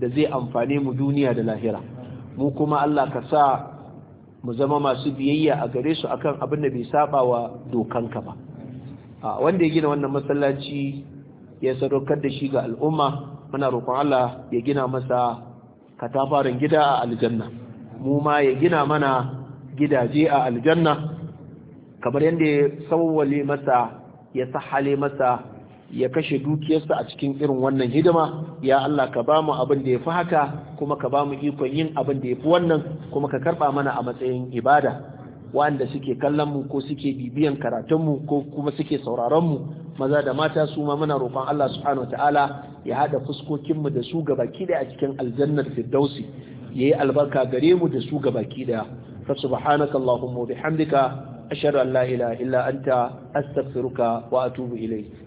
da zai amfani mu duniya da lahira mu kuma Allah ka sa mu zama masu biyayya a gare su akan abin da bai saba wa dokanka ba wanda ya gina wannan masallaci ya sadaukar da shi ga al'umma muna roƙon Allah ya gina masa katafaren gida a aljanna mu ma ya gina mana gidaje a aljanna kamar yadda ya sawwale masa ya sahale masa ya kashe dukiyarsa a cikin irin wannan hidima ya Allah ka ba mu abin da ya fi haka kuma ka ba mu ikon yin abin da ya fi wannan kuma ka karɓa mana a matsayin ibada wanda suke kallon mu ko suke bibiyan mu ko kuma suke sauraron mu maza da mata su ma muna roƙon Allah subhanahu ta'ala ya hada fuskokinmu da su gaba da a cikin aljannar firdausi yayi albarka gare mu da su gabaki daya fa subhanaka allahumma wa bihamdika ashhadu an la ilaha illa anta astaghfiruka wa atubu ilayk